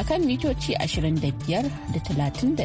a kan mitoci 25 da 31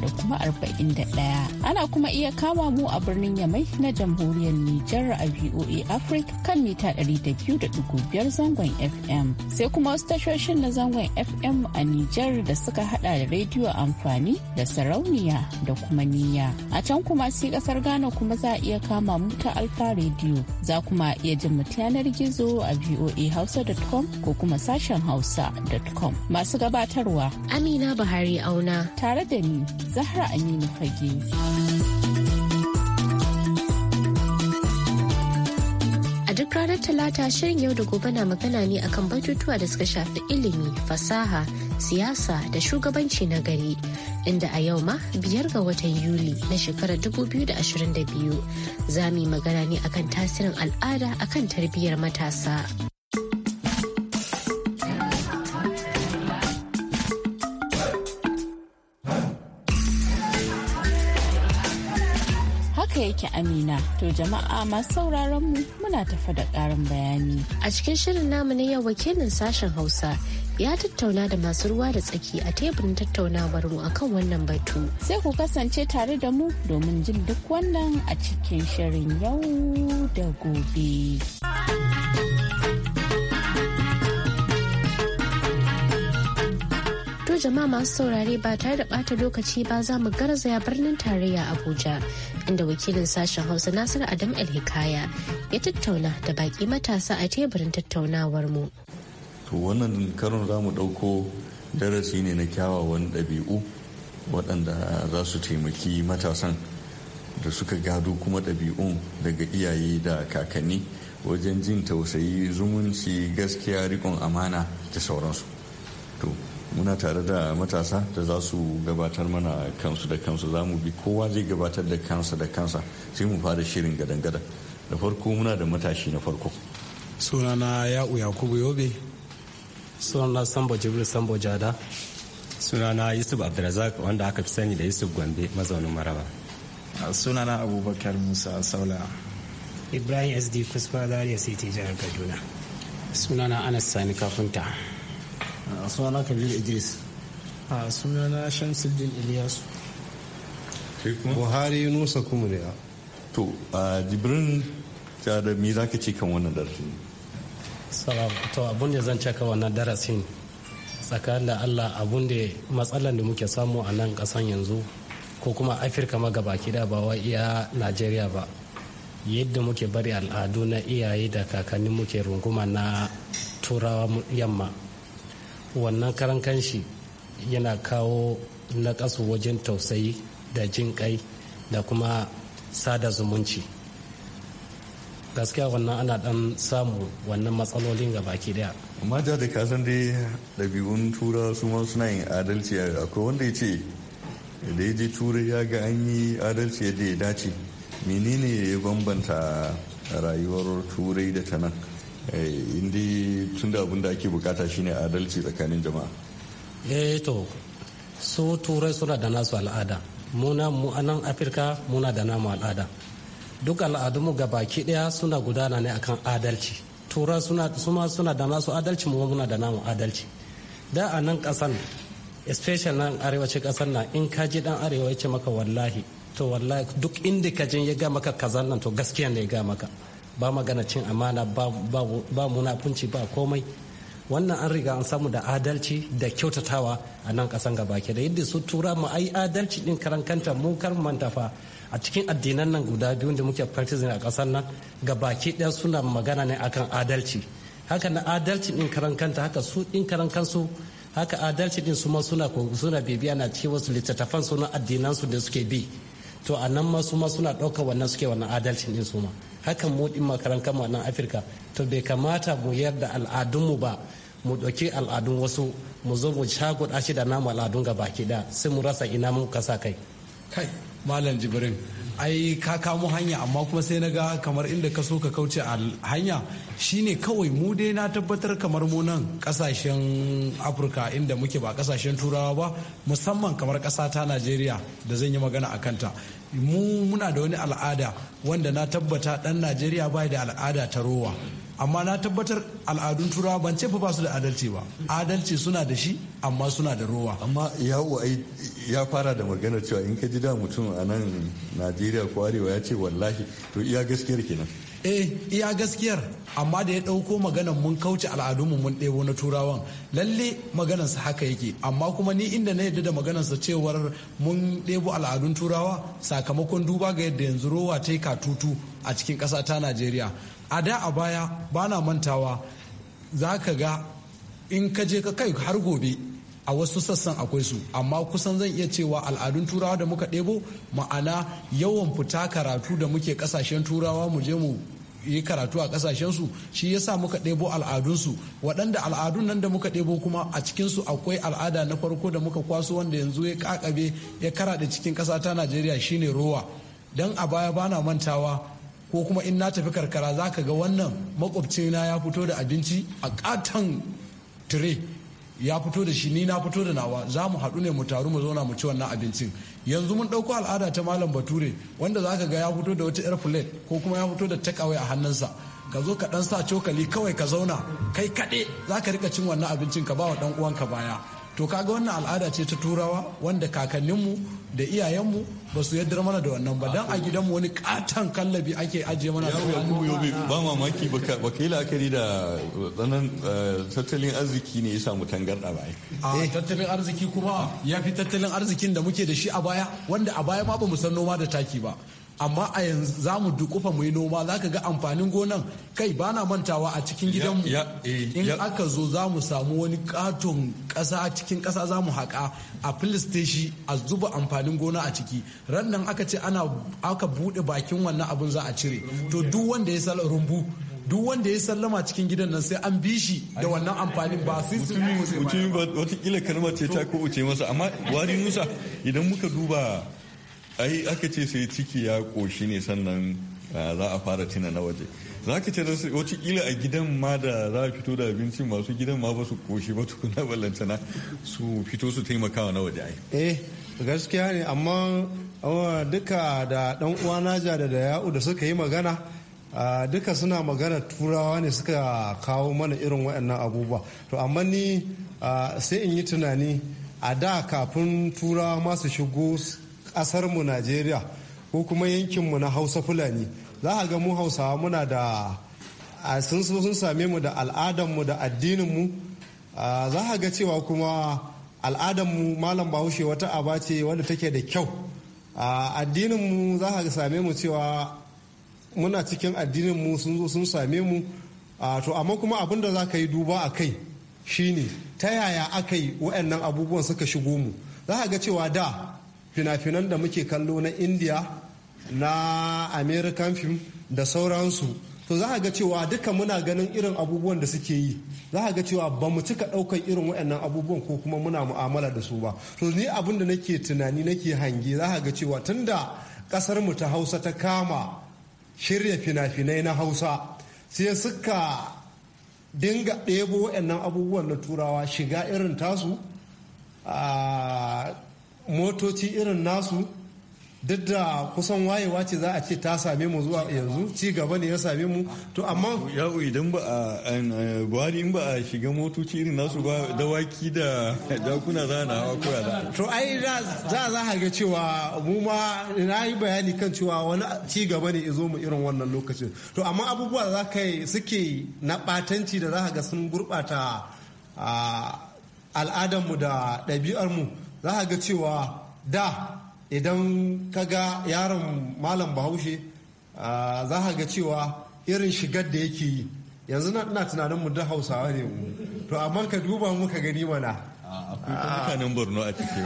da kuma 41. Ana kuma iya kama mu a birnin Yamai na jamhuriyar Nijar a VOA Africa kan mita 200.5 zangon FM. Sai kuma wasu tashoshin na zangon FM a Nijar da suka hada da rediyo amfani da sarauniya da kuma niyya. A can kuma sai kasar Ghana kuma za a iya kama mu ta Alfa rediyo Za kuma iya jin mu yanar gizo a voahausa.com ko kuma sashen hausa.com. Masu gaba gabatarwa Amina Buhari auna tare da ni Zahra Aminu Fage. A duk ranar Talata shirin yau da gobe na magana ne akan batutuwa da suka shafi ilimi, fasaha, siyasa da shugabanci na gari. Inda a yau ma biyar ga watan Yuli na shekarar 2022 za mu yi magana ne akan tasirin al'ada akan tarbiyyar matasa. haka yake amina to jama'a masu sauraron mu muna tafa da karin bayani a cikin shirin namu na yau wakilin sashen hausa ya tattauna da masu ruwa da tsaki a teburin tattaunawar mu akan wannan batu sai ku kasance tare da mu domin jin duk wannan a cikin shirin yau da gobe. jama'a masu saurare ba tare da bata lokaci ba za mu garzaya birnin tarayya Abuja inda wakilin sashen Hausa Nasiru Adam El-Hikaya ya tattauna da baki matasa a teburin tattaunawar mu. To wannan karon za mu ɗauko darasi ne na kyawawan ɗabi'u waɗanda za su taimaki matasan da suka gado kuma ɗabi'un daga iyaye da kakanni wajen jin tausayi zumunci gaskiya rikon amana da sauransu. muna tare da matasa da za su gabatar mana kansu da kansu za mu bi kowa zai gabatar da kansa da kansa sai mu fara shirin gadan da farko muna da matashi na farko sunana ya'u yakubu yobe sunana sambo jibril sambo jada sunana yusuf abdulrazak wanda aka fi sani da yusuf gombe mazaunin maraba sunana abubakar musa saula ibrahim sd kusfa zaria city jihar kaduna sunana anas sani kafinta Ah, sunana kabir idris a ah, sunana shamsuddin ilyasu buhari nusa kuma ne ah. to a jibrin ta da mi za ka ce kan wannan darasin salam to abun da zan ce kan wannan darasin tsakanin da allah abun da matsalan da muke samu a nan kasan yanzu ko kuma afirka magabaki da ba wa iya najeriya ba yadda muke bari al'adu na iyaye da kakannin muke runguma na turawa yamma wannan karan kanshi yana kawo naƙasu wajen tausayi da jin kai da kuma sada zumunci gaskiya wannan ana dan samu wannan matsalolin ga baki daya mata da kasan dai ɗabi'un tura su ma suna yin adalci akwai wanda ya ce da ya je turai ya ga an yi adalci yadda ya dace menene ya bambanta rayuwar turai da ta nan Eh, indi tun da ake bukata shine adalci tsakanin jama'a eh to su turai suna da nasu al'ada muna mu anan afirka muna da namu al'ada duk al'adunmu ga baki daya suna gudana ne akan adalci tura suna suma suna da nasu adalci mu muna da namu adalci da a nan kasan especially nan arewacin kasan nan in ka ji dan arewa yace maka wallahi to wallahi duk inda ka je ya ga maka kazan nan to gaskiya ne ya ga maka ba magana cin amana ba munafunci ba komai wannan an riga an samu da adalci da kyautatawa a nan kasan gabaki da yadda su tura mu ai adalci din karankanta mu kar manta fa a cikin addinan nan guda biyu da muke practicing a kasan nan gabaki ɗaya suna magana ne akan adalci haka na adalci din karankanta haka su din karankansu haka adalci din su ma suna suna bibiya na cikin wasu littattafan na addinan su da suke bi to a nan ma su ma suna ɗauka wannan suke wannan adalcin din su ma hakan mu din makaran kama nan afirka to bai kamata mu yarda al'adunmu ba mu ɗauki al'adun wasu mu zo mu da shi da namu al'adun ga baki da sai mu rasa ina mu kasa kai kai malam jibrin ai ka kamo hanya amma kuma sai na ga kamar inda ka so ka kauce a hanya shine kawai mu dai na tabbatar kamar mu nan kasashen afirka inda muke ba kasashen turawa ba musamman kamar ƙasata ta najeriya da zan yi magana a kanta mu muna da wani al'ada wanda na tabbata ɗan najeriya bai da al'ada ta rowa amma na tabbatar al'adun turawa ban ce fa ba su da adalci ba adalci suna da shi amma suna da rowa amma yawo ai ya fara da magana cewa in ka ji da mutum a nan najeriya ko arewa ya ce wallahi to iya gaskiyar kenan eh iya gaskiyar amma da ya ɗauko maganan mun kauce al'adunmu mun ɗebo na turawan lalle maganansa haka yake amma kuma ni inda na yadda da maganansa cewar mun ɗebo al'adun turawa sakamakon duba ga yadda yanzu rowa ta yi katutu a cikin ƙasa ta najeriya a da a baya ba na mantawa za ka ga in ka je ka kai har gobe a wasu sassan akwai su amma kusan zan iya cewa al'adun turawa da muka ɗebo ma'ana yawan fita karatu da muke ƙasashen turawa mu je mu yi karatu a kasashensu shi yasa muka ɗebo al'adunsu waɗanda al'adun nan da muka ɗebo kuma a cikinsu akwai al'ada na farko da muka kwaso wanda yanzu ya kakabe ya karaɗe cikin ƙasa ta najeriya shine rowa don a baya bana mantawa ko kuma in na tafi karkara za ka ga wannan makwabcina ya fito da abinci a katon tire ya fito da shi ni na fito da nawa za mu haɗu ne mu taru mu zauna mu ci wannan abincin yanzu mun ɗauko al'ada ta malam bature wanda za ka ga ya fito da wata airplane ko kuma ya fito da takawai a hannunsa ka zo ka ɗan sa cokali kawai ka zauna kai kaɗe za ka rika cin wannan abincin ka ba wa ɗan uwanka baya to kaga wannan al'ada ce ta turawa wanda kakanninmu da iyayenmu ba su yadda mana da wannan ba don a gidanmu wani katon kallabi ake ajiye mana da ba mamaki ba ka yi la'akari da tsanan eh, tattalin arziki ne ya samu tangarda ba a eh. tattalin arziki kuma ya fi tattalin arzikin da muke da shi a baya wanda a baya ma ba mu san noma da taki ba amma a yanzu za mu dukufa mu yi noma za ka ga amfanin gonan kai ba na mantawa a cikin gidanmu eh, in aka zo za mu samu wani katon ƙasa a cikin ƙasa za mu haƙa a filiste shi a zuba amfanin gona a ciki ran nan aka ce ana aka buɗe bakin wannan abin za a cire to duk wanda ya sallar rumbu duk wanda ya sallama cikin gidan nan sai an bi shi da wannan amfanin ba sai su mutum watakila kalmar ce ta ko uce masa amma wari musa idan muka duba ai aka ce sai ciki ya koshi ne sannan ah, za a fara tina na waje za ka ce watakila a gidan ma da za a fito da abincin masu gidan ma ba su koshi ba tukuna ballantana su fito su taimakawa na waje ai eh gaskiya ne amma oh, duka da dan uwa na da da ya'u da suka yi magana ah, duka suna magana turawa ne suka kawo mana irin waɗannan abubuwa to amma ni ah, sai in yi tunani a da kafin turawa masu shigo ƙasarmu najeriya ko kuma yankinmu na hausa fulani za a ga mu hausawa muna da sun so sun same mu da al'adarmu da addininmu za a ga cewa kuma al'adarmu malam bahaushe wata aba ce wadda take da kyau addininmu za a same mu cewa muna cikin addininmu sun zo sun same mu to amma kuma abin da za ka yi duba a kai shine ta yaya aka yi waɗannan abubuwan suka shigo mu za a ga cewa da fina-finan da muke kallo na india na american film da sauransu to za a ga cewa duka muna ganin irin abubuwan da suke yi za a ga cewa ba mu cika ɗaukar irin waɗannan abubuwan ko kuma muna mu'amala da su ba to ni abin da nake tunani nake hange za a ga cewa tunda ƙasar mu ta hausa ta kama shirya fina-finai na hausa sai suka dinga ɗebo waɗannan abubuwan na turawa shiga irin tasu ah, motoci irin nasu duk da kusan wayewa ce za a ce ta same mu zuwa yanzu ci gaba ne ya same mu to amma yawo idan ba a buhari in ba a shiga motoci irin nasu ba dawaki da jakuna za na hawa koya da to ai za za ga cewa mu ma na yi bayani kan cewa wani ci gaba ne ya zo mu irin wannan lokacin to amma abubuwa za ka suke na batanci da za ga sun gurɓata al'adarmu da ɗabi'armu za a ga cewa da idan ka ga yaron malam bahaushe za a ga cewa irin shigar da yake yi yanzu na ina tunanin da hausawa ne mu to amma ka duba mu ka gani mana mutanen borno a ciki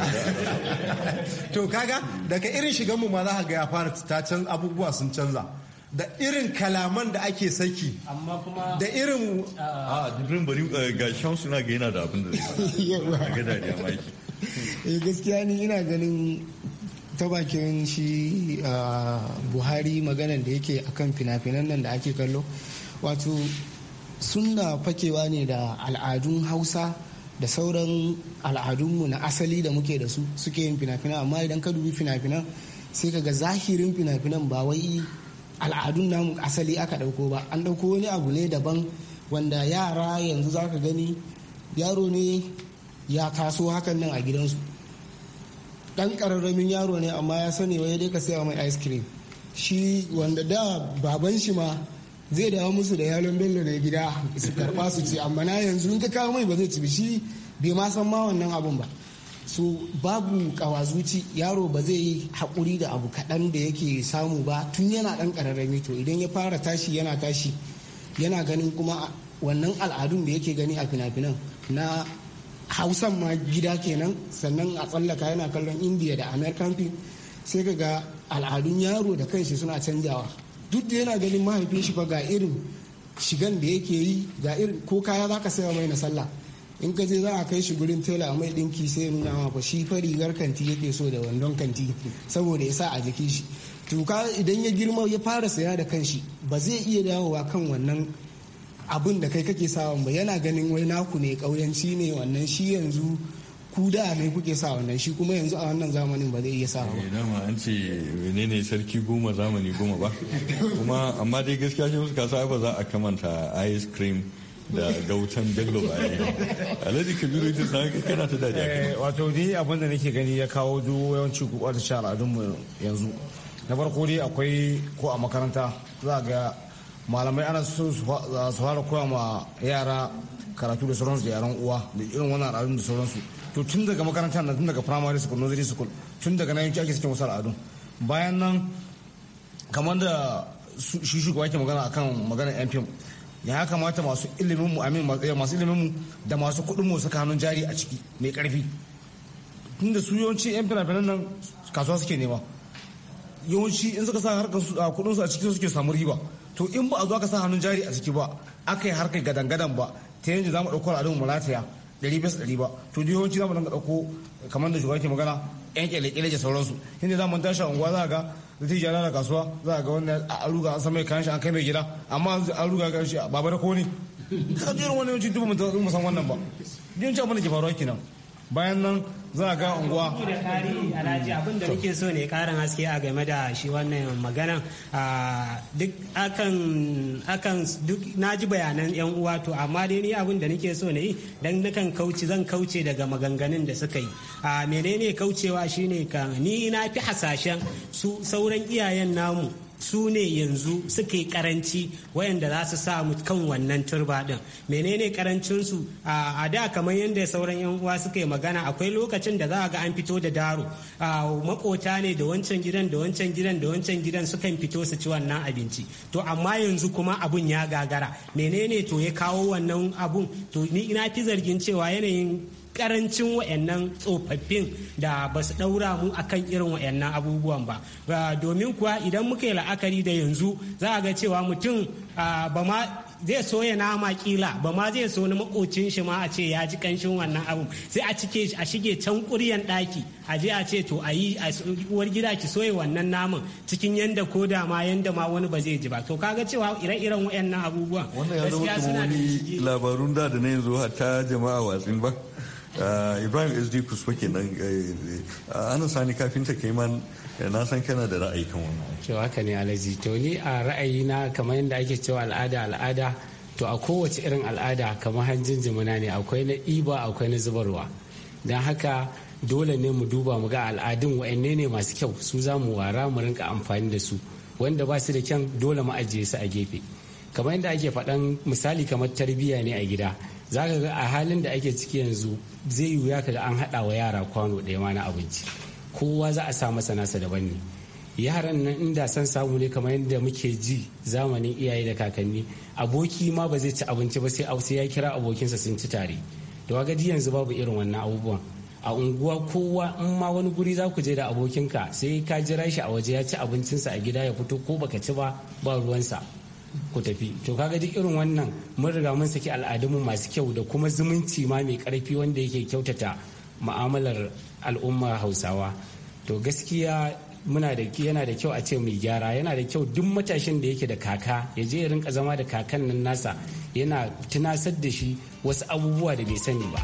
to kaga daga irin shigar mu ma za a ga ya fara ta can abubuwa sun canza da irin kalaman da ake saki amma kuma da irin a jirgin bari eh, ga shan suna ga yana da abin da ga yi eh gaskiya ni ina ganin ta bakin shi buhari maganan da yake akan fina-finan nan da ake kallo wato suna fakewa ne da al'adun hausa da sauran al'adunmu na asali da muke da su suke yin fina-finan amma idan ka dubi fina-finan sai ka ga zahirin fina-finan ba wai al'adun namu asali aka dauko ba an dauko wani abu ne daban wanda yara yanzu za ka gani yaro ne ya taso hakan nan a gidansu dan kararramin yaro ne amma ya sani wai dai ka saya mai ice cream shi wanda da baban shi ma zai dawo musu da yalon bello ne gida su karba su ce amma na yanzu in ka kawo mai ba zai ci shi bai ma san ma wannan abun ba so babu kawazuci yaro ba zai yi haƙuri da abu kaɗan da yake samu ba tun yana ɗan kararrami to idan ya fara tashi yana tashi yana ganin kuma wannan al'adun da yake gani a fina-finan na hausan ma gida kenan sannan a tsallaka yana kallon indiya da american film sai ka ga al'adun yaro da kanshi suna canjawa duk da yana ganin mahaifin shi fa ga irin shigan da yake yi ga irin ko kaya za ka saya mai na sallah in ka je za a kai shi gurin tela mai dinki sai nuna ma fa shi fa rigar kanti yake so da wandon kanti saboda ya sa a jikin shi to idan ya girma ya fara saya da kanshi ba zai iya dawowa kan wannan abin da kai kake sawan ba yana ganin wai naku ne kauyanci ne wannan shi yanzu ku da ne kuke sa wannan shi kuma yanzu a wannan zamanin ba zai iya sa ba. Eh, dama an ce menene sarki goma zamani goma ba kuma amma dai gaskiya shi suka sa ba za a kamanta ice cream da gautan bello ba alhaji kabiru ita sa ka kana ta daji eh, wato ni abin da nake gani ya kawo duk yawanci ku kwata al'adun mu yanzu na farko dai akwai ko a makaranta za ga malamai ana so su fara koya ma yara karatu da sauransu da yaran uwa da irin wannan al'adun da sauransu to tun daga makaranta na tun daga primary school nursery school tun daga nan ake cikin wasu al'adun bayan nan kamar da shi shugaba ke magana akan maganar fim ya kamata masu ilimin mu amin eh, masu ilimin mu da masu kuɗin mu saka hannun jari a ciki mai karfi da su yawanci yan fina-finan nan kasuwa suke nema yawanci in suka sa harkar kuɗin su a ciki suke samu riba to in ba a zo aka sa hannun jari a ciki ba aka yi harkar gadan-gadan ba ta yanzu za mu ɗauko al'adun mu rataya ɗari bisa ɗari ba to duk yawanci za mu dinga ɗauko kamar da shugaban ke magana yan ƙyale ƙyale da sauransu inda za mu tashi a unguwa za ga da ta jana da kasuwa za ga wannan a ruga an san mai kayan shi an kai mai gida amma an ruga kayan shi a babar ko ne ka irin wani yawanci duk mu san wannan ba yawanci abin da ke faruwa kenan bayan nan za a ga unguwa da abin da nake so ne karin haske a game da shi wannan magana ah, duk akan akan duk naji bayanan yan uwa to amma dai ni abin da nake so ne dan nakan kauce zan kauce daga maganganun da suka yi ah, menene kaucewa shine ka ni na fi hasashen su sauran iyayen namu su ne yanzu suka karanci wayanda za su samu kan wannan turba din menene karancinsu a da kamar yadda sauran yan uwa suka yi magana akwai lokacin da za a ga an fito da daro makota ne da wancan gidan da wancan gidan da wancan gidan sukan fito su ci wannan abinci to amma yanzu kuma abun ya gagara menene to ya kawo wannan abun to ni ina fi zargin cewa yanayin karancin wayannan tsofaffin da ba su daura mu akan irin wayannan abubuwan ba domin kuwa idan muka yi la'akari da yanzu za a ga cewa mutum ba ma zai so ya nama kila ba ma zai so na makocin shi ma a ce ya ji kanshin wannan abu sai a cike a shige can kuryan daki a je a ce to a yi a uwar gida ki soye wannan naman cikin yanda ko da ma yanda ma wani ba zai ji ba to kaga cewa ire-iren wayannan abubuwan wannan ya zama wani labarun da da na yanzu hatta jama'a watsin ba Eh, ibrahim sd kus kenan eh, eh, ana sani kafinta ta kaiman na san kana da ra'ayi kan wannan cewa haka ne alhaji to ni a na kamar yadda ake cewa al'ada al'ada to a kowace irin al'ada kamar hanjin jimina ne akwai na iba akwai na zubarwa don haka dole ne mu duba mu ga al'adun wa'anne ne masu kyau su za mu wara mu rinka amfani da su wanda ba su da kyan dole mu ajiye su a gefe kamar yadda ake faɗan misali kamar tarbiyya ne a gida za ka ga a halin da ake ciki yanzu zai yi wuya kaga an haɗa wa yara kwano ɗaya ma na abinci kowa za a sa masa nasa daban ne yaran nan inda san samu ne kamar yadda muke ji zamanin iyaye da kakanni aboki ma ba zai ci abinci ba sai ya kira abokinsa sun ci tare da ji yanzu babu irin wannan abubuwan a unguwa kowa in ma wani guri za ku je da abokinka sai ka jira shi a waje ya ci abincinsa a gida ya fito ko baka ci ba ba ruwansa ku tafi to kaga duk irin wannan mun riga mun saki al'adunmu masu kyau da kuma zumunci ma mai karfi wanda yake kyautata mu'amalar al'umma hausawa to gaskiya muna da yana da kyau a ce mai gyara yana da kyau duk matashin da yake da kaka ya je ya rinka zama da kakan nan nasa yana tunasar da shi wasu abubuwa da bai sani ba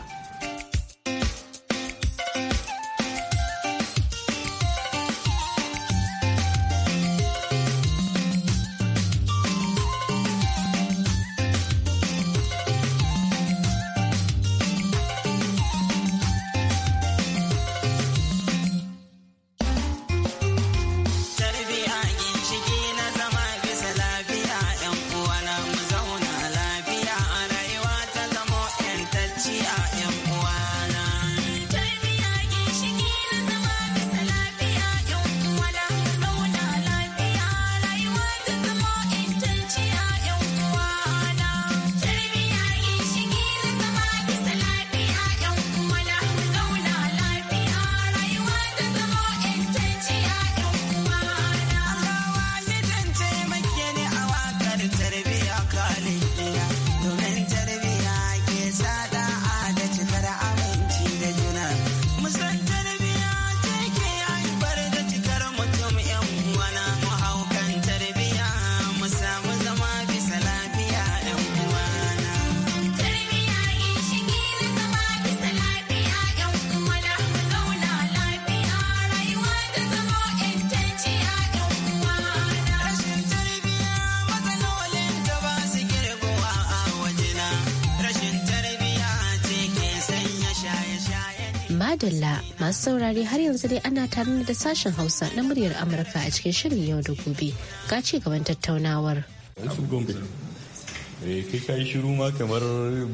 masu saurari har yanzu dai ana tare da sashen hausa na muryar amurka a cikin shirin yau da gobe ga ci gaban tattaunawar eh, kai kai shiru ma kamar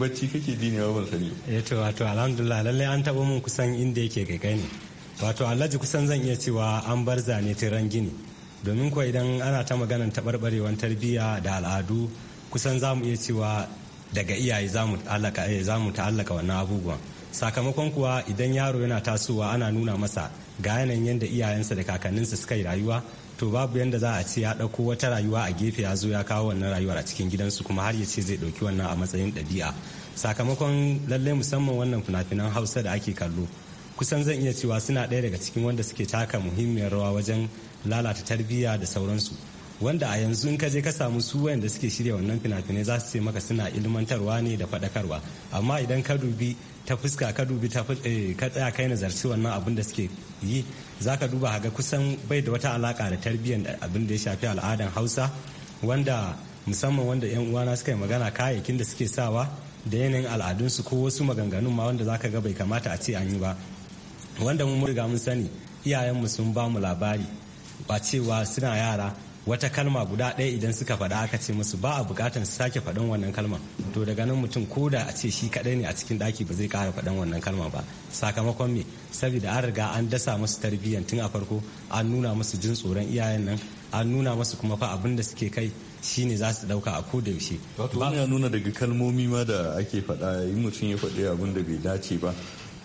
bacci kake dini ba ban sani eh to wato alhamdulillah lalle an taba mun kusan inda yake kai kai ne wato alhaji kusan zan iya cewa an bar zane tiran gini domin kuwa idan ana ta maganar taɓarɓarewar tarbiyya da al'adu kusan za mu iya cewa daga iyaye za mu ta'allaka eh, wannan abubuwan sakamakon kuwa idan yaro yana tasowa ana nuna masa ga yanayin yadda iyayensa da kakanninsa suka yi rayuwa to babu yadda za a ce ya ɗauko wata rayuwa a gefe ya zo ya kawo wannan rayuwar a cikin gidansu kuma har ya ce zai ɗauki wannan a matsayin ɗabi'a sakamakon lallai musamman wannan fina-finan hausa da ake kallo kusan zan iya cewa suna ɗaya daga cikin wanda suke taka muhimmiyar rawa wajen lalata tarbiyya da sauransu wanda a yanzu in ka je ka samu su wayanda suke shirya wannan fina-finai za su ce maka suna ilmantarwa ne da faɗakarwa amma idan ka dubi ta fuska ka dubi ta eh, ka tsaya kai nazarci wannan abin da suke yi za ka duba haga kusan bai da wata alaka da tarbiyyar abin da ya shafi al'adan hausa wanda musamman wanda yan uwana suka yi magana kayayyakin da suke sawa da yanayin al'adunsu ko wasu maganganun ma wanda zaka ga bai kamata a ce an yi ba wanda mun riga mun sani iyayenmu sun ba mu labari ba cewa suna yara wata kalma guda ɗaya idan suka faɗa aka ce musu ba a buƙatar su sake faɗin wannan kalma to daga nan mutum ko da a ce shi kaɗai ne a cikin ɗaki ba zai ƙara faɗin wannan kalma ba sakamakon me saboda an riga an dasa musu tarbiyyan tun a farko an nuna musu jin tsoron iyayen nan an nuna musu kuma fa abin da suke kai shine za su ɗauka a ko da yaushe wato wani ya nuna daga kalmomi ma da ake faɗa yayin mutum ya faɗi abin da bai dace ba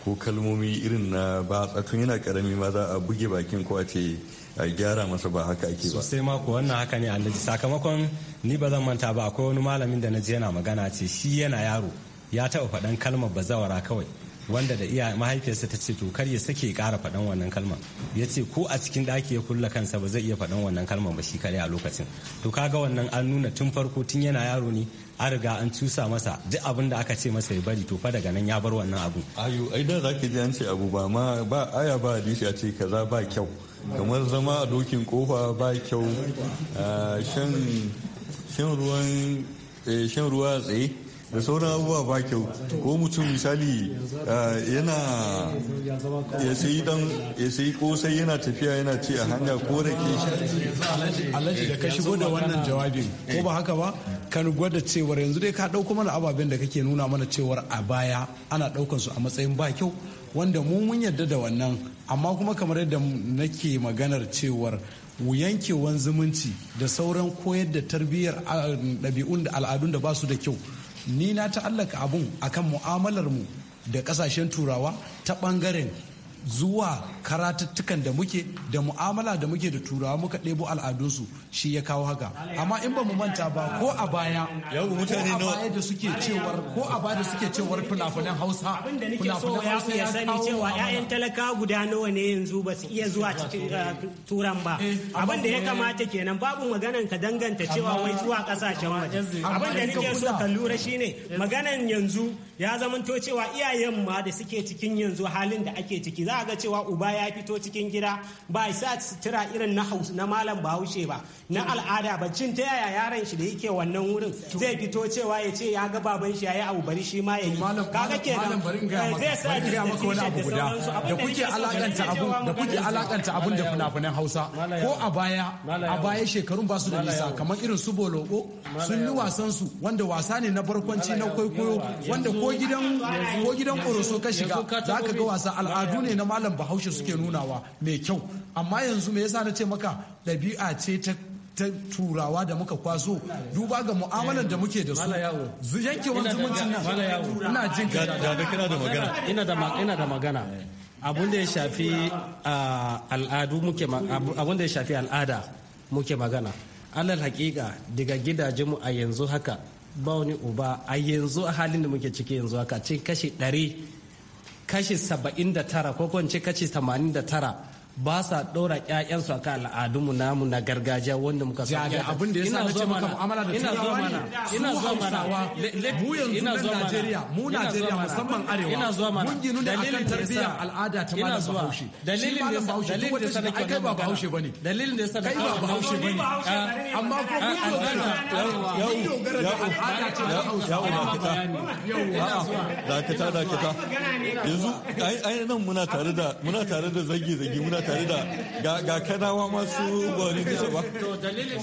ko kalmomi irin na ba tsakon yana karami ma za a buge bakin ko a ce a gyara masa ba haka ake ba sosai mako wannan haka ne alhaji sakamakon ni ba zan manta ba akwai wani malamin da na je yana magana ce shi yana yaro ya taɓa faɗan kalmar bazawara kawai wanda da iya mahaifiyarsa ta ce to kar ya sake kara faɗan wannan kalma ya ce ko a cikin ɗaki ya kulla kansa ba zai iya faɗan wannan kalma ba shi kare a lokacin to kaga wannan an nuna tun farko tun yana yaro ne an riga an cusa masa duk abin da aka ce masa ya bari to fa daga nan ya bar wannan abu ayo ai da zaki ji an ce abu ba ma ba aya ba hadisi a ce kaza ba kyau kamar zama a dokin kofa ba kyau ah, shan ruwan eh, shan ruwa tsaye da sauran abubuwa ba kyau ko mutum misali eh, yana ya sayi dan ya sayi kosai yana tafiya yana ce a hanya ko rake alhaji da ka shigo da wannan jawabin ko ba haka ba kan gwada cewar yanzu dai ka dauko mana ababen da kake nuna mana cewar a baya ana daukan su a matsayin ba kyau wanda mu mun yarda da wannan amma kuma kamar yadda nake maganar cewar yankewan zumunci da sauran koyar da tarbiyyar ah, ɗabi'un da al'adun da ba su da kyau ni na ta'allaka abun akan mu'amalar mu da kasashen turawa ta bangaren zuwa karatattukan da muke da mu'amala da muke da turawa muka ɗebo al'adunsu shi ya kawo haka amma in ba mu manta ba ko a baya ko a baya da suke cewar ko a baya da suke cewar fina-finan hausa fina-finan hausa ya sani cewa ƴaƴan talaka guda nawa ne yanzu ba su iya zuwa cikin uh, turan ba eh, abin da ya kamata kenan babu maganan ka danganta cewa wai zuwa kasashen waje abin da nake so ka lura shine maganan yanzu ya zamanto cewa iyayen ma da suke cikin yanzu halin da ake ciki za a ga cewa uba ya fito cikin gida ba sa sutura irin na malam bahaushe ba na al'ada ba cin ta yaya yaran shi da yake wannan wurin zai fito cewa ya ce ya ga baban shi yayi abu bari shi ma yi kaga kenan eh, zai sa ga maka wani abu guda da kuke alakanta abu da kuke alakanta abun da funafunan Hausa ko a baya a baya shekarun ba su da nisa kamar irin su boloko sun yi wasan su wanda wasa ne na barkwanci na kwaikwayo wanda ko gidan ko gidan koroso ka shiga za ka ga wasa al'adu ne na malam Bahaushe suke nunawa mai kyau amma yanzu me yasa na ce maka ɗabi'a ce ta ta turawa da muka kwaso duba ga mu'amalar da muke da su wani zumuncin nan ina jin ka da magana ina da ina da magana abun da ya shafi al'adu muke abun da ya shafi al'ada muke magana alal hakika daga gidajen mu a yanzu haka ba wani uba a yanzu a halin da muke ciki yanzu haka cin kashi ɗari kashi saba'in da tara ko kwanci kashi tamanin da tara ba sa ɗora ƴaƴansu akan al'adunmu namu na gargajiya wanda muka sa ya abin da ya sa maka mu'amala da turawa ne ina zuwa mana mu yanzu na Najeriya mu Najeriya musamman arewa ina zuwa mana mun ginu akan tarbiyya al'ada ta malam Bahaushe dalilin da dalilin da wata shiga kai ba Bahaushe bane dalilin da ya sa kai ba Bahaushe bane ah, amma ko mun ah, dogara ah, dogara da al'ada ta yau ina bayani dakata dakata yanzu ai nan muna tare da muna tare da zage zage muna tare da ga kanawa masu gwani da ba.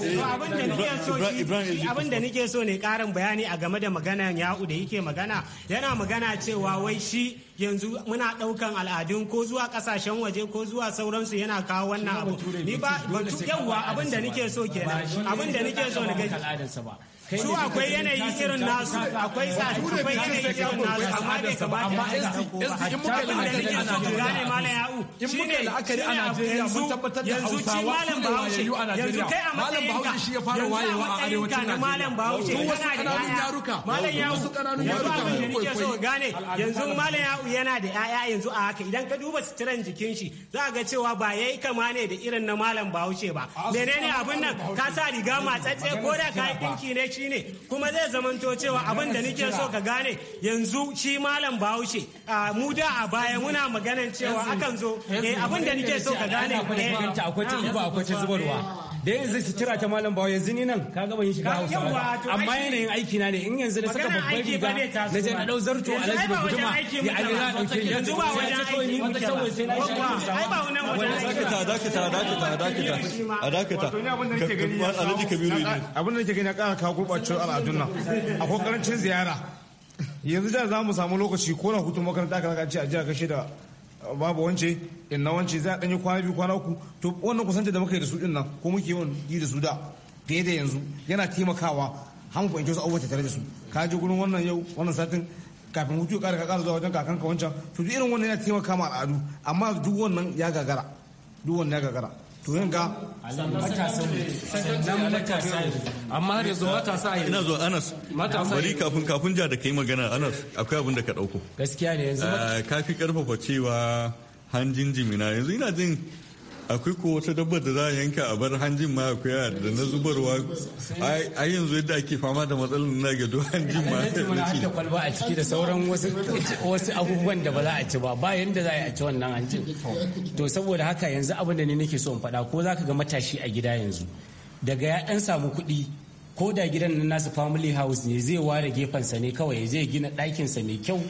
Eh, abin da nike so ne karin bayani a game da magana yahu da yake magana yana magana cewa wai shi yanzu muna daukan al'adun ko zuwa kasashen waje ko zuwa sauransu yana kawo wannan abu. Ni ba yawwa abin da nike so kenan abin da nike so ne gaji. su akwai yanayi irin nasu akwai sa akwai yanayi irin nasu amma bai kamata amma in muka la'akari a Najeriya in muka la'akari a Najeriya mun tabbatar da malam su yanzu kai a Najeriya malam Bahaushe shi ya fara wayewa a arewacin Najeriya malam Bahaushe wasu kananun yaruka malam yawo su kananun yaruka mun koyi gane yanzu malam yawo yana da yaya yanzu a haka idan ka duba suturan jikin shi za ka ga cewa ba yayi kama ne da irin na malam Bahaushe ba menene abin nan ka sa riga matsatse ko da ka yi dinki ne ne kuma zai zamanto cewa abin da nake so ka gane yanzu shi malam bahaushe a muda a baya muna maganan cewa akan zo eh, abin da nake so ka gane akwai eh, zubarwa da yanzu su sutura ta malam bawa yanzu ni nan kaga ban yi shiga hausa amma yanayin aiki na ne in yanzu da saka babbar riga na je na dau zarto a lajiba gujuma ya ali na dauke ni yanzu ba wajen aiki ni mutum saboda sai na shi dakata dakata dakata dakata a dakata alhaji kabiru ne abin da nake gani ya kara kawo gurbacewar al'adun nan a kokarin cin ziyara yanzu da za mu samu lokaci ko na hutun makaranta aka ce a jiya kashe da babu wance in na wance za a ɗanyi kwana biyu kwana uku to wannan kusanci da muka yi da su ɗin nan ko muke yawan yi da su da fiye da yanzu yana taimakawa har in fahimci su abubuwa tattare da su ka je gurin wannan yau wannan satin kafin hutu ya ka ƙara zuwa wajen ka wancan to duk irin wannan yana taimaka ma al'adu amma duk wannan ya gagara duk wannan ya gagara to yin ga amma har yanzu matasa yanzu ina zo anas bari kafin kafin ja da kai magana anas akwai abin da ka dauko gaskiya ne yanzu eh, ka fi karfafa cewa hanjin jimina yanzu ina jin akwai ko wata dabbar da za a yanka a bar hanjin ma akwai da na zubarwa a yanzu yadda ake fama da matsalar na hanjin ma na ci da kwalba a ciki da sauran wasu abubuwan da ba za a ci ba ba yanda za a yi a ci wannan hanjin to saboda haka yanzu abin da ne nake so in faɗa ko za ka ga matashi a gida yanzu daga ya ɗan samu kuɗi ko da gidan na nasu family house ne zai ware gefensa ne kawai ya zai gina ɗakinsa mai kyau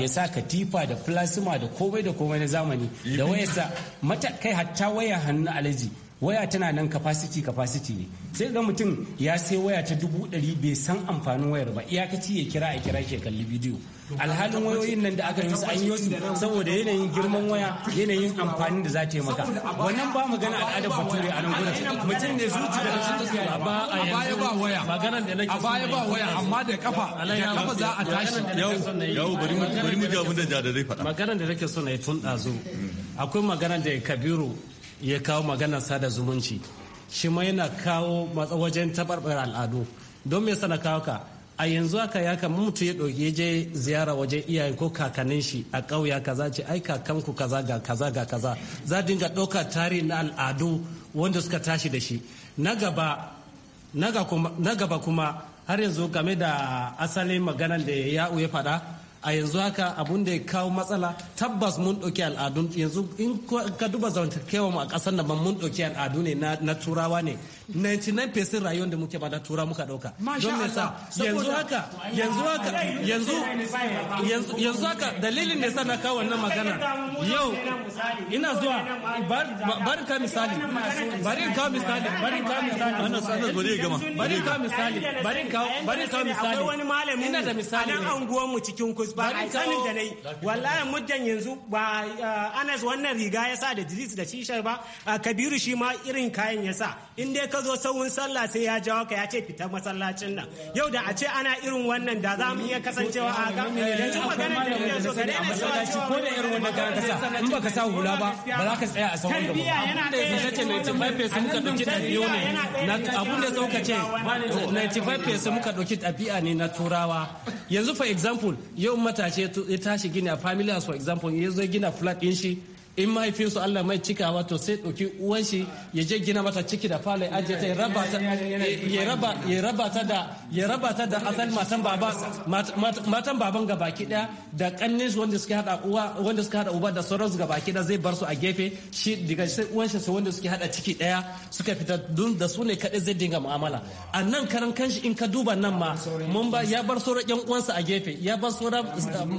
ya sa katifa da plasma da komai da komai na zamani da wayarsa mata kai hatta waya hannu alaji waya tana nan capacity capacity ne sai ga mutum ya sai waya ta dubu ɗari bai san amfanin wayar ba iyakaci ya kira a kira ke kalli bidiyo alhalin wayoyin nan da aka yi su an yi su saboda yanayin girman waya yanayin amfanin da za ta yi maka wannan ba magana al'adar bature a nan gudu mutum ne zuci da rashin tafiya ba a baya ba waya maganar da nake a baya ba waya amma da kafa da kafa za a tashi yau yau bari mu bari mu ji abin da jadarai faɗa maganar da nake so na yi tun ɗazu akwai maganar da Kabiru ya kawo maganar sada zumunci shi ma yana kawo wajen taɓarɓar al'adu don me sana kawo ka a yanzu haka ya kama mutu ya ɗauki je ziyara wajen iyayen ko kakannin shi a ƙauya kaza ce ai kakanku kaza ga kaza ga kaza za dinga ɗaukar tarihi na al'adu wanda suka tashi da shi na gaba kuma har yanzu game da asalin maganar da ya ya faɗa a yanzu haka abun da ya kawo matsala tabbas mun ɗauki al'adun yanzu in ka duba zamantakewa mu a ƙasar nan mun ɗauki al'adu ne na turawa ne 99% rayuwar da muke ba da tura muka ɗauka don me sa yanzu haka yanzu haka yanzu yanzu haka dalilin ne sana kawo wannan magana yau ina zuwa bari ka misali bari ka misali bari ka misali ana sa ana bari gama bari ka misali bari ka bari ka misali akwai wani malami ina da misali a anguwan mu cikin ba a sanin da nai wallahi muddan yanzu ba eh, anas wannan riga ya sa da diris da shishar ba eh, kabiru shi ma irin kayan ya sa in dai ka zo sauwun sallah sai ya jawo ka ya ce fita masallacin nan yau da a ce ana irin wannan da za mu iya kasancewa a ga eh, yanzu magana da yanzu so ka daina cewa ko da irin wannan kayan kasa in baka sa hula ba ba za ka tsaya a sauran gaba abin da ya ce 95 pesos muka dauki biyo ne abun da zauka ce 95 pesa muka dauki ɗabi'a ne na turawa yanzu for example yau in matace ya tashi gina family house for example ya zo gina flat din shi in mahaifinsu Allah mai cikawa wato sai ɗauki uwan shi ya je gina mata ciki da fala aje ta ya raba ta da ya raba ta da asal matan baban matan baban baki daya da kannin shi wanda suke hada uwa wanda suke hada uba da sauransu gabaki da zai bar su a gefe shi daga sai uwan shi sai wanda suke hada ciki daya suka fita dun da su ne kadai zai dinga mu'amala a nan karan kanshi in ka duba nan ma mun ba ya bar sauran yan uwansa a gefe ya bar sauran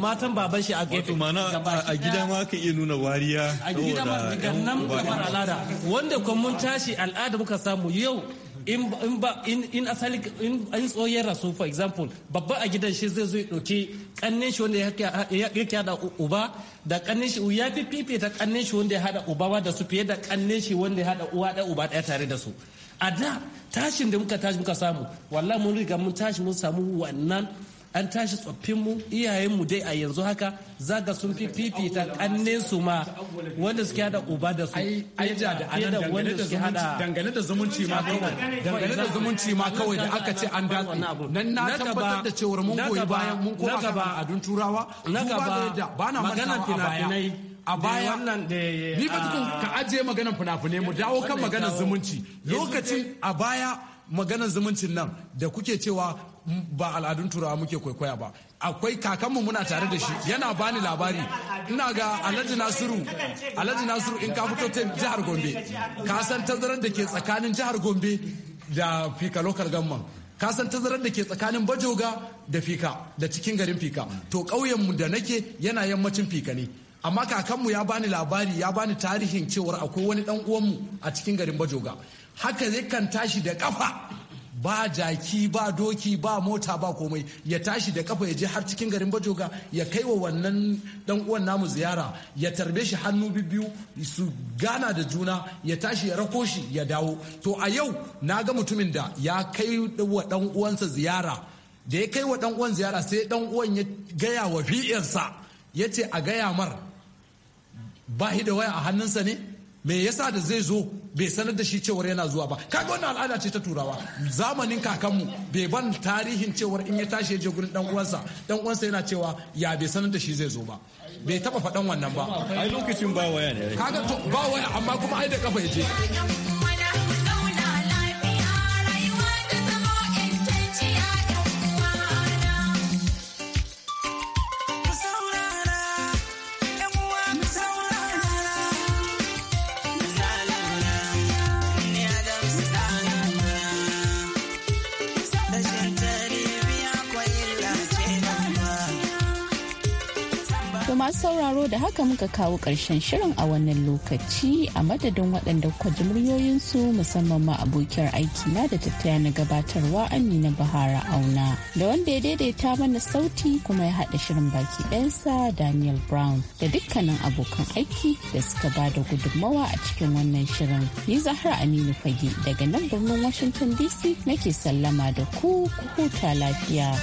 matan baban shi a gefe wato mana a gida ma ka iya nuna wariya a gida daga nan kamar al'ada wanda kuma mun tashi al'ada muka samu yau in ba in asali in tsoyar rasu for example babba a gidan shi zai zo ya dauki kannin shi wanda ya yake hada uba da kannin shi ya fi fifita kannin shi wanda ya hada uba ba da su fiye da kannin shi wanda ya hada uwa da uba daya tare da su a da tashin da muka tashi muka samu wallahi mun riga mun tashi mun samu wannan an tashi tsoffinmu iyayenmu dai a yanzu haka zaga sun fi fifita kannen su ma wanda suke hada uba da su aija da anan wanda suke hada dangane da zumunci ma kawai dangane da zumunci ma kawai da aka ce an dace nan na tabbatar da cewa mun goyi bayan mun koma kan adun turawa na gaba ba na magana fina-finai a baya ni ba tukun ka ajiye magana fina-finai mu dawo kan maganar zumunci lokacin a baya maganar zumuncin nan da kuke cewa ba al'adun turawa muke kwaikwaya ba akwai kakanmu muna tare da shi yana bani labari ina ga alhaji nasiru alhaji nasiru in ka fito ta jihar gombe ka san tazarar da ke tsakanin jihar gombe da fika lokal gamman ka san tazarar da ke tsakanin bajoga da fika da cikin garin fika to ƙauyenmu da nake yana yammacin fika ne amma kakanmu ya bani labari ya bani tarihin cewar akwai wani dan uwanmu a cikin garin bajoga haka zai kan tashi da kafa ba jaki ba doki ba mota ba komai ya tashi da kafa ya je har cikin garin bajoga ya kai wa wannan dan uwan namu ziyara ya tarbe shi hannu biyu su gana da juna ya tashi ya rako shi ya dawo to a yau na ga mutumin da ya kai wa dan uwansa ziyara da ya kai wa dan uwan ziyara sai dan uwan ya gaya wa fi'irsa ya ce a gaya mar ba da waya a hannunsa ne me yasa da zai zo bai sanar da shi cewar yana zuwa ba kaga wani al'ada ce ta turawa zamanin kakanmu bai ban tarihin cewar in ya tashi ya je gurin dan uwansa dan uwansa yana cewa ya bai sanar da shi zai zo ba bai taba faɗan wannan ba ai lokacin ba waya ne kaga ba waya amma kuma ai da kafa ya je sauraro da haka muka kawo ƙarshen shirin a wannan lokaci a madadin waɗanda kuka muryoyinsu musamman ma abokiyar aiki na da tattaya na gabatarwa amina bahara auna da wanda ya daidaita mana sauti kuma ya haɗa shirin baki ɗansa daniel brown da dukkanin abokan aiki da suka ba da gudunmawa a cikin wannan shirin ni zahra aminu fage daga nan birnin washington dc nake sallama da ku ku huta lafiya.